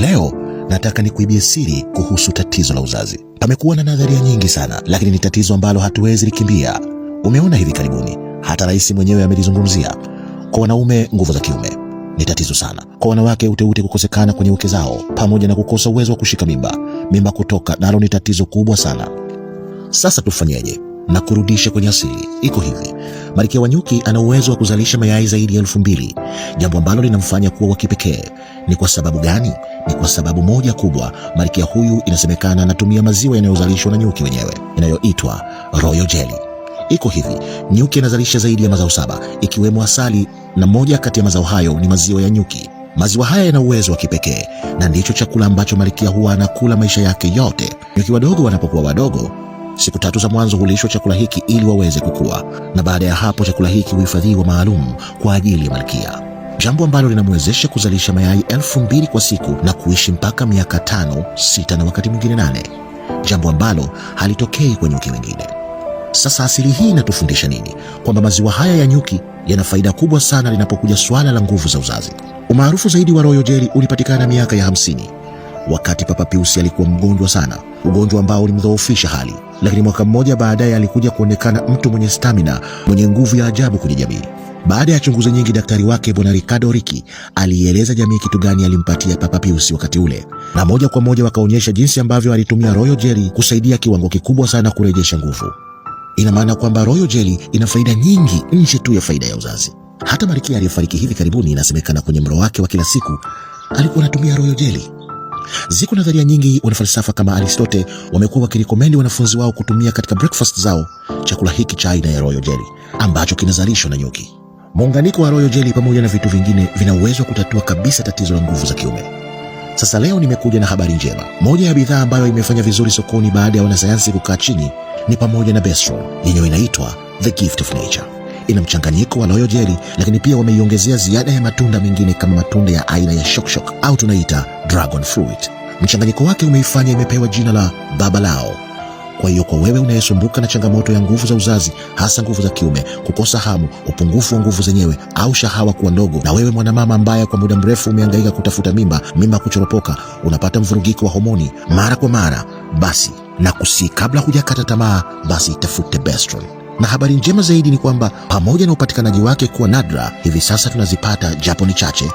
Leo nataka nikuibie siri kuhusu tatizo la uzazi. Pamekuwa na nadharia nyingi sana, lakini ni tatizo ambalo hatuwezi likimbia. Umeona hivi karibuni hata rais mwenyewe amelizungumzia. Kwa wanaume, nguvu za kiume ni tatizo sana. Kwa wanawake, uteute kukosekana kwenye uke zao pamoja na kukosa uwezo wa kushika mimba, mimba kutoka, nalo ni tatizo kubwa sana. Sasa tufanyeje? na kurudisha kwenye asili. Iko hivi: malkia wa nyuki ana uwezo wa kuzalisha mayai zaidi ya elfu mbili, jambo ambalo linamfanya kuwa wa kipekee. Ni kwa sababu gani? Ni kwa sababu moja kubwa, malkia huyu inasemekana anatumia maziwa yanayozalishwa na nyuki wenyewe inayoitwa royal jelly. Iko hivi: nyuki anazalisha zaidi ya mazao saba, ikiwemo asali, na moja kati ya mazao hayo ni maziwa ya nyuki. Maziwa haya yana uwezo wa kipekee na ndicho chakula ambacho malkia huwa anakula maisha yake yote. Nyuki wadogo wanapokuwa wadogo Siku tatu za mwanzo hulishwa chakula hiki ili waweze kukua, na baada ya hapo chakula hiki huhifadhiwa maalum kwa ajili ya malkia, jambo ambalo linamwezesha kuzalisha mayai elfu mbili kwa siku na kuishi mpaka miaka tano, sita na wakati mwingine nane, jambo ambalo halitokei kwa nyuki wengine. Sasa asili hii inatufundisha nini? Kwamba maziwa haya ya nyuki yana faida kubwa sana linapokuja swala la nguvu za uzazi. Umaarufu zaidi wa royal jelly ulipatikana miaka ya hamsini wakati Papa Piusi alikuwa mgonjwa sana ugonjwa ambao ulimdhoofisha hali, lakini mwaka mmoja baadaye alikuja kuonekana mtu mwenye stamina, mwenye nguvu ya ajabu kwenye jamii. Baada ya chunguzi nyingi, daktari wake Bwana Ricardo riki aliieleza jamii kitu gani alimpatia Papa Pius wakati ule, na moja kwa moja wakaonyesha jinsi ambavyo alitumia royo jeli kusaidia kiwango kikubwa sana kurejesha nguvu. Ina maana kwamba royo jeli ina faida nyingi nje tu ya faida ya uzazi. Hata malkia aliyefariki hivi karibuni, inasemekana kwenye mlo wake wa kila siku alikuwa anatumia royo jeli. Ziko nadharia nyingi wanafalsafa kama Aristote wamekuwa wakirekomendi wanafunzi wao kutumia katika breakfast zao chakula hiki cha aina ya royal jelly ambacho kinazalishwa na nyuki. Muunganiko wa royal jelly pamoja na vitu vingine vina uwezo wa kutatua kabisa tatizo la nguvu za kiume. Sasa leo nimekuja na habari njema. Moja ya bidhaa ambayo imefanya vizuri sokoni baada ya wanasayansi kukaa chini ni pamoja na Bestron yenyewe inaitwa The Gift of Nature ina mchanganyiko wa loyo jeli lakini pia wameiongezea ziada ya matunda mengine kama matunda ya aina ya shokshok au tunaita dragon fruit. Mchanganyiko wake umeifanya imepewa jina la baba lao. Kwa hiyo kwa wewe unayesumbuka na changamoto ya nguvu za uzazi, hasa nguvu za kiume, kukosa hamu, upungufu wa nguvu zenyewe au shahawa kuwa ndogo, na wewe mwanamama ambaye kwa muda mrefu umehangaika kutafuta mimba, mimba kuchoropoka, unapata mvurugiko wa homoni mara kwa mara, basi na kusi, kabla hujakata tamaa, basi tafute Bestron na habari njema zaidi ni kwamba pamoja na upatikanaji wake kuwa nadra, hivi sasa tunazipata japo ni chache